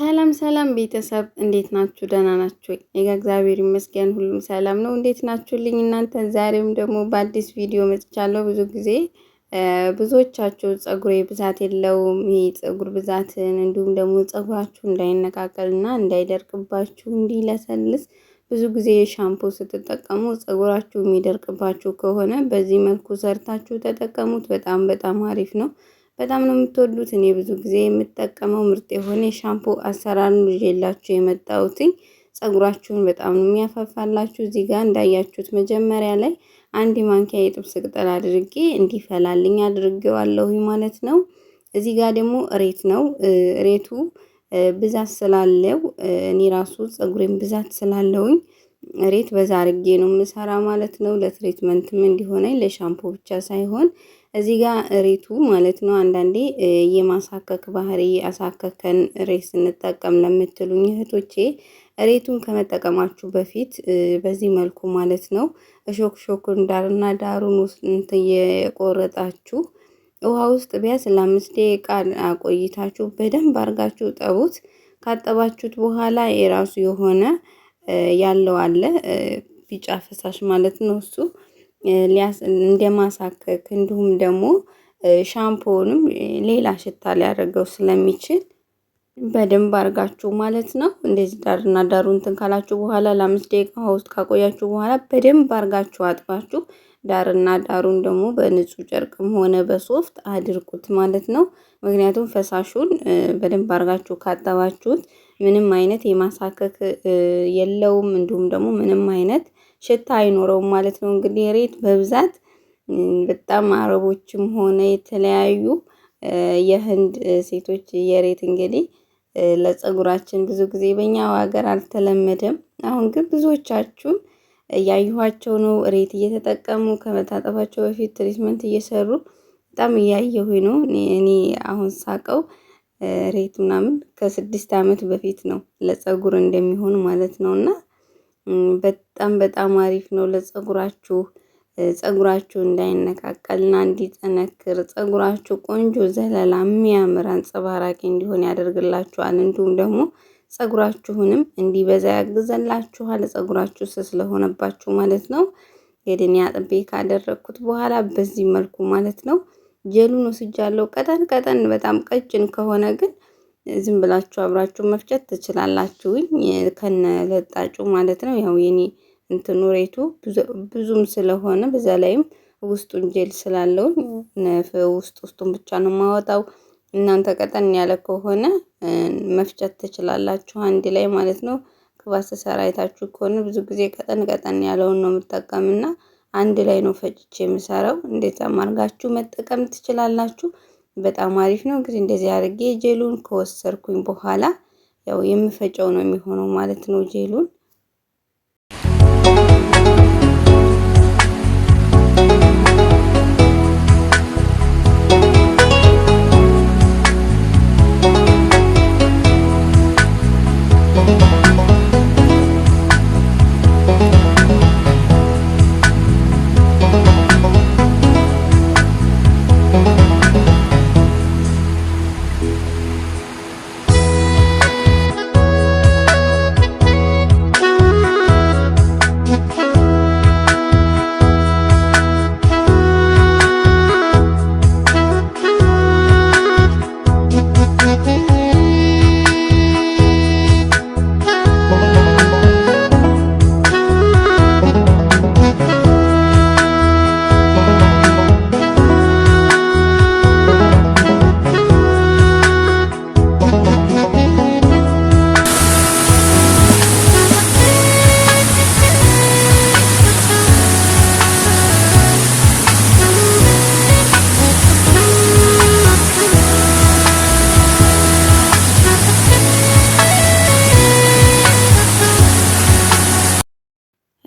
ሰላም ሰላም ቤተሰብ እንዴት ናችሁ? ደህና ናችሁ? እኔ እግዚአብሔር ይመስገን ሁሉም ሰላም ነው። እንዴት ናችሁልኝ እናንተ? ዛሬም ደግሞ በአዲስ ቪዲዮ መጥቻለሁ። ብዙ ጊዜ ብዙዎቻችሁ ፀጉሬ ብዛት የለውም ይሄ ጸጉር ብዛትን እንዲሁም ደግሞ እንዳይነቃቀል እንዳይነቃቀልና እንዳይደርቅባችሁ እንዲለሰልስ ብዙ ጊዜ ሻምፖ ስትጠቀሙ ፀጉራችሁ የሚደርቅባችሁ ከሆነ በዚህ መልኩ ሰርታችሁ ተጠቀሙት። በጣም በጣም አሪፍ ነው። በጣም ነው የምትወዱት። እኔ ብዙ ጊዜ የምጠቀመው ምርጥ የሆነ የሻምፖ አሰራር ነው ይዤላችሁ የመጣሁትኝ። ጸጉራችሁን በጣም ነው የሚያፈፋላችሁ። እዚህ ጋር እንዳያችሁት መጀመሪያ ላይ አንድ ማንኪያ የጥብስ ቅጠል አድርጌ እንዲፈላልኝ አድርጌዋለሁ ማለት ነው። እዚህ ጋር ደግሞ እሬት ነው። እሬቱ ብዛት ስላለው እኔ ራሱ ጸጉሬን ብዛት ስላለውኝ ሬት በዛ አርጌ ነው የምሰራ ማለት ነው። ለትሪትመንትም እንዲሆነኝ ለሻምፖ ብቻ ሳይሆን እዚህ ጋር ሬቱ ማለት ነው። አንዳንዴ የማሳከክ ባህሪ አሳከከን ሬት ስንጠቀም ለምትሉኝ እህቶቼ ሬቱን ከመጠቀማችሁ በፊት በዚህ መልኩ ማለት ነው እሾክ ሾኩን ዳርና ዳሩን ውስጥ የቆረጣችሁ ውሃ ውስጥ ቢያንስ ለአምስት ደቂቃ አቆይታችሁ በደንብ አርጋችሁ ጠቡት። ካጠባችሁት በኋላ የራሱ የሆነ ያለው አለ ቢጫ ፈሳሽ ማለት ነው። እሱ እንደማሳከክ እንዲሁም ደግሞ ሻምፖንም ሌላ ሽታ ሊያደርገው ስለሚችል በደንብ አርጋችሁ ማለት ነው እንደዚህ ዳርና ዳሩን እንትን ካላችሁ በኋላ ለአምስት ደቂቃ ውስጥ ካቆያችሁ በኋላ በደንብ አርጋችሁ አጥባችሁ ዳርና ዳሩን ደግሞ በንጹህ ጨርቅም ሆነ በሶፍት አድርቁት ማለት ነው። ምክንያቱም ፈሳሹን በደንብ አርጋችሁ ካጠባችሁት ምንም አይነት የማሳከክ የለውም። እንዲሁም ደግሞ ምንም አይነት ሽታ አይኖረውም ማለት ነው። እንግዲህ ሬት በብዛት በጣም አረቦችም ሆነ የተለያዩ የህንድ ሴቶች የሬት እንግዲህ ለፀጉራችን ብዙ ጊዜ በእኛ ሀገር አልተለመደም። አሁን ግን ብዙዎቻችሁን እያየኋቸው ነው። ሬት እየተጠቀሙ ከመታጠባቸው በፊት ትሪትመንት እየሰሩ በጣም እያየሁኝ ነው። እኔ አሁን ሳቀው ሬት ምናምን ከስድስት ዓመት በፊት ነው ለፀጉር እንደሚሆን ማለት ነው። እና በጣም በጣም አሪፍ ነው ለፀጉራችሁ ፀጉራችሁ እንዳይነቃቀልና እንዲጠነክር ፀጉራችሁ ቆንጆ ዘለላ የሚያምር አንጸባራቂ እንዲሆን ያደርግላችኋል። እንዲሁም ደግሞ ፀጉራችሁንም እንዲበዛ ያግዘላችኋል። ጸጉራችሁ ስስ ስለሆነባችሁ ማለት ነው። የድንያ ጥቤ ካደረግኩት በኋላ በዚህ መልኩ ማለት ነው ጀሉን ወስጃለሁ። ቀጠን ቀጠን በጣም ቀጭን ከሆነ ግን ዝም ብላችሁ አብራችሁ መፍጨት ትችላላችሁኝ ከነ ለጣጩ ማለት ነው። ያው የኔ እንትኑ ሬቱ ብዙም ስለሆነ በዛ ላይም ውስጡን ጀል ስላለው ውስጥ ውስጡን ብቻ ነው የማወጣው። እናንተ ቀጠን ያለ ከሆነ መፍጨት ትችላላችሁ አንድ ላይ ማለት ነው። ክባስ ስሰራ አይታችሁ ከሆነ ብዙ ጊዜ ቀጠን ቀጠን ያለውን ነው የምጠቀምና አንድ ላይ ነው ፈጭቼ የምሰራው። እንደዛም አድርጋችሁ መጠቀም ትችላላችሁ። በጣም አሪፍ ነው። እንግዲህ እንደዚህ አድርጌ ጄሉን ከወሰርኩኝ በኋላ ያው የምፈጨው ነው የሚሆነው ማለት ነው ጄሉን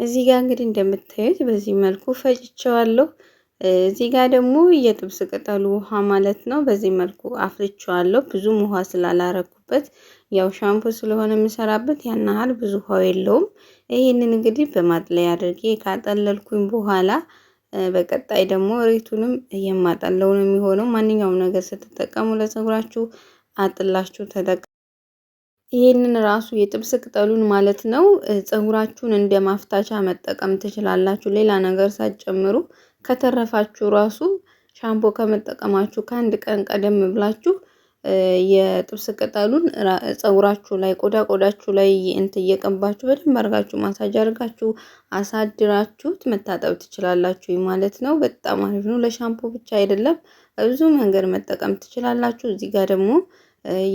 እዚህ ጋር እንግዲህ እንደምታዩት በዚህ መልኩ ፈጭቸዋለሁ። እዚህ ጋር ደግሞ የጥብስ ቅጠሉ ውሃ ማለት ነው። በዚህ መልኩ አፍልቸዋለሁ። ብዙም ውሃ ስላላረኩበት ያው ሻምፖ ስለሆነ የምሰራበት ያን ያህል ብዙ ውሃ የለውም። ይህንን እንግዲህ በማጥለያ አድርጌ ካጠለልኩኝ በኋላ በቀጣይ ደግሞ ሬቱንም የማጠለው ነው የሚሆነው። ማንኛውም ነገር ስትጠቀሙ ለጸጉራችሁ አጥላችሁ ተጠቀሙ። ይህንን ራሱ የጥብስ ቅጠሉን ማለት ነው ፀጉራችሁን እንደ ማፍታቻ መጠቀም ትችላላችሁ። ሌላ ነገር ሳትጨምሩ ከተረፋችሁ ራሱ ሻምፖ ከመጠቀማችሁ ከአንድ ቀን ቀደም ብላችሁ የጥብስ ቅጠሉን ፀጉራችሁ ላይ ቆዳ ቆዳችሁ ላይ እንት እየቀባችሁ በደንብ አድርጋችሁ ማሳጅ አድርጋችሁ አሳድራችሁት መታጠብ ትችላላችሁ ማለት ነው። በጣም አሪፍ ነው። ለሻምፖ ብቻ አይደለም፣ ብዙ መንገድ መጠቀም ትችላላችሁ። እዚህ ጋር ደግሞ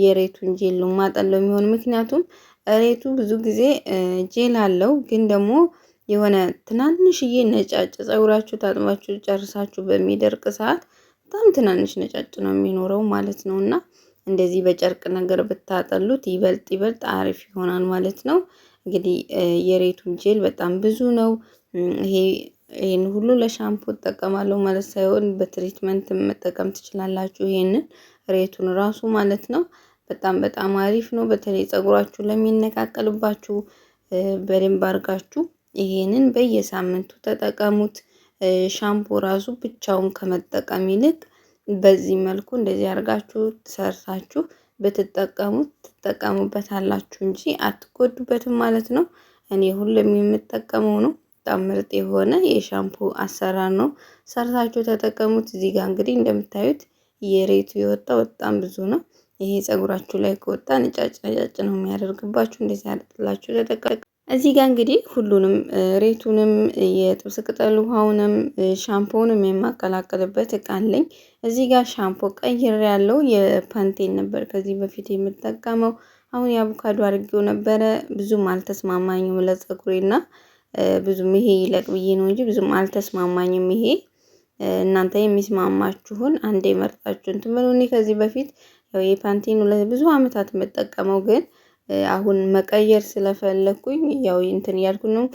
የሬቱን ጄል ነው ማጠለው የሚሆን ምክንያቱም ሬቱ ብዙ ጊዜ ጄል አለው፣ ግን ደግሞ የሆነ ትናንሽዬ ነጫጭ ጸጉራችሁ ታጥባችሁ ጨርሳችሁ በሚደርቅ ሰዓት በጣም ትናንሽ ነጫጭ ነው የሚኖረው ማለት ነው እና እንደዚህ በጨርቅ ነገር ብታጠሉት ይበልጥ ይበልጥ አሪፍ ይሆናል ማለት ነው። እንግዲህ የሬቱ ጄል በጣም ብዙ ነው። ይሄ ይህን ሁሉ ለሻምፖ እጠቀማለሁ ማለት ሳይሆን በትሪትመንት መጠቀም ትችላላችሁ ይሄንን ሬቱን ራሱ ማለት ነው። በጣም በጣም አሪፍ ነው። በተለይ ጸጉራችሁ ለሚነቃቀልባችሁ በደንብ አርጋችሁ ይሄንን በየሳምንቱ ተጠቀሙት። ሻምፖ ራሱ ብቻውን ከመጠቀም ይልቅ በዚህ መልኩ እንደዚህ አርጋችሁ ሰርታችሁ ብትጠቀሙት ትጠቀሙበታላችሁ እንጂ አትጎዱበትም ማለት ነው። እኔ ሁሉም የምጠቀመው ነው። በጣም ምርጥ የሆነ የሻምፖ አሰራር ነው። ሰርታችሁ ተጠቀሙት። እዚህ ጋር እንግዲህ እንደምታዩት የሬቱ የወጣው በጣም ብዙ ነው። ይሄ ፀጉራችሁ ላይ ከወጣ ነጫጭ ነጫጭ ነው የሚያደርግባችሁ። እንደዚህ ያደርግላችሁ ተጠቀቅ። እዚህ ጋር እንግዲህ ሁሉንም ሬቱንም፣ የጥብስ ቅጠል ውሃውንም፣ ሻምፖውንም የማቀላቀልበት እቃ አለኝ። እዚህ ጋር ሻምፖ ቀይር ያለው የፓንቴን ነበር ከዚህ በፊት የምጠቀመው። አሁን የአቮካዶ አድርጌው ነበረ ብዙም አልተስማማኝም ለፀጉሬና ብዙም ይሄ ይለቅ ብዬ ነው እንጂ ብዙም አልተስማማኝም ይሄ እናንተ የሚስማማችሁን አንዴ መርጣችሁ እንትን በሉ። እኔ ከዚህ በፊት ያው የፓንቲን ብዙ አመታት የምጠቀመው ግን አሁን መቀየር ስለፈለኩኝ ያው እንትን እያልኩ ነው።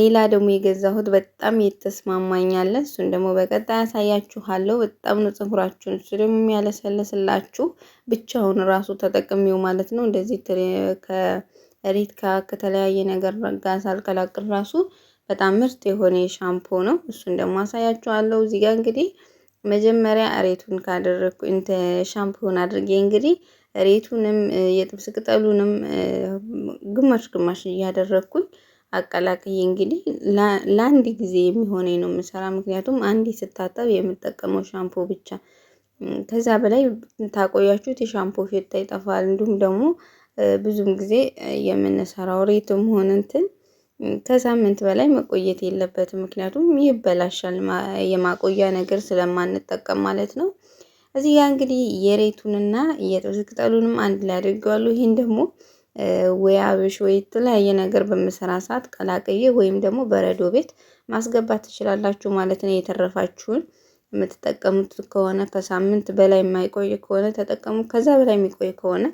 ሌላ ደግሞ የገዛሁት በጣም የተስማማኛለ። እሱን ደግሞ በቀጣይ ያሳያችኋለሁ። በጣም ነው ፀጉራችሁን እሱ ደግሞ የሚያለሰለስላችሁ ብቻውን ራሱ ተጠቅሚው ማለት ነው። እንደዚህ ከሬት ከተለያየ ነገር ጋር ሳልቀላቅል ራሱ በጣም ምርጥ የሆነ ሻምፖ ነው። እሱን ደግሞ አሳያችኋለሁ። እዚህ ጋር እንግዲህ መጀመሪያ እሬቱን ካደረግኩ ሻምፖን አድርጌ እንግዲህ እሬቱንም የጥብስ ቅጠሉንም ግማሽ ግማሽ እያደረግኩኝ አቀላቅዬ እንግዲህ ለአንድ ጊዜ የሚሆነኝ ነው የምሰራ። ምክንያቱም አንዴ ስታጠብ የምጠቀመው ሻምፖ ብቻ ከዛ በላይ ታቆያችሁት የሻምፖ ሽታ ይጠፋል። እንዲሁም ደግሞ ብዙም ጊዜ የምንሰራው ሬትም ሆነ እንትን ከሳምንት በላይ መቆየት የለበትም። ምክንያቱም ይበላሻል፣ የማቆያ ነገር ስለማንጠቀም ማለት ነው። እዚህ ጋር እንግዲህ የሬቱንና የጥብስ ቅጠሉንም አንድ ላይ አድርገዋሉ። ይህን ደግሞ ወይ አብሽ ወይ የተለያየ ነገር በምሰራ ሰዓት ቀላቅዬ ወይም ደግሞ በረዶ ቤት ማስገባት ትችላላችሁ ማለት ነው። የተረፋችሁን የምትጠቀሙት ከሆነ ከሳምንት በላይ የማይቆይ ከሆነ ተጠቀሙ። ከዛ በላይ የሚቆይ ከሆነ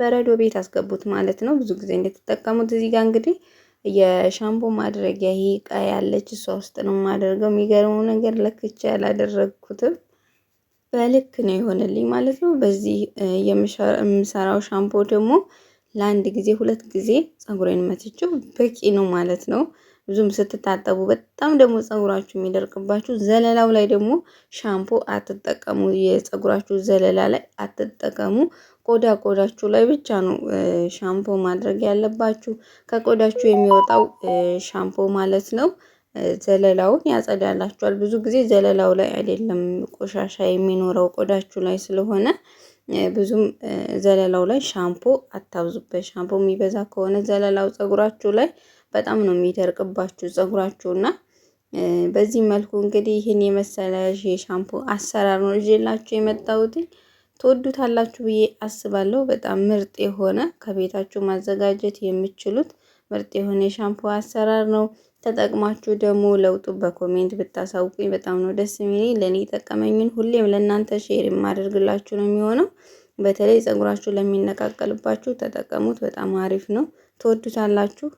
በረዶ ቤት አስገቡት ማለት ነው። ብዙ ጊዜ እንደተጠቀሙት እዚህ ጋር እንግዲህ የሻምፖ ማድረጊያ ይሄ እቃ ያለች እሷ ውስጥ ነው የማደርገው። የሚገርመው ነገር ለክቼ ያላደረግኩትም በልክ ነው የሆነልኝ ማለት ነው። በዚህ የምሰራው ሻምፖ ደግሞ ለአንድ ጊዜ ሁለት ጊዜ ፀጉሬን መትቼው በቂ ነው ማለት ነው። ብዙም ስትታጠቡ በጣም ደግሞ ፀጉራችሁ የሚደርቅባችሁ ዘለላው ላይ ደግሞ ሻምፖ አትጠቀሙ። የፀጉራችሁ ዘለላ ላይ አትጠቀሙ። ቆዳ ቆዳችሁ ላይ ብቻ ነው ሻምፖ ማድረግ ያለባችሁ። ከቆዳችሁ የሚወጣው ሻምፖ ማለት ነው ዘለላውን ያጸዳላችኋል። ብዙ ጊዜ ዘለላው ላይ አይደለም ቆሻሻ የሚኖረው ቆዳችሁ ላይ ስለሆነ ብዙም ዘለላው ላይ ሻምፖ አታብዙበት። ሻምፖ የሚበዛ ከሆነ ዘለላው ጸጉራችሁ ላይ በጣም ነው የሚደርቅባችሁ ጸጉራችሁ እና በዚህ መልኩ እንግዲህ ይህን የመሰለ የሻምፖ አሰራር ነው ይዤላችሁ የመጣሁት። ትወዱታላችሁ ብዬ አስባለሁ። በጣም ምርጥ የሆነ ከቤታችሁ ማዘጋጀት የምችሉት ምርጥ የሆነ የሻምፖ አሰራር ነው። ተጠቅማችሁ ደግሞ ለውጡ በኮሜንት ብታሳውቁኝ በጣም ነው ደስ የሚለኝ። ለእኔ ጠቀመኝን ሁሌም ለእናንተ ሼር የማደርግላችሁ ነው የሚሆነው። በተለይ ጸጉራችሁ ለሚነቃቀልባችሁ ተጠቀሙት። በጣም አሪፍ ነው። ትወዱታላችሁ።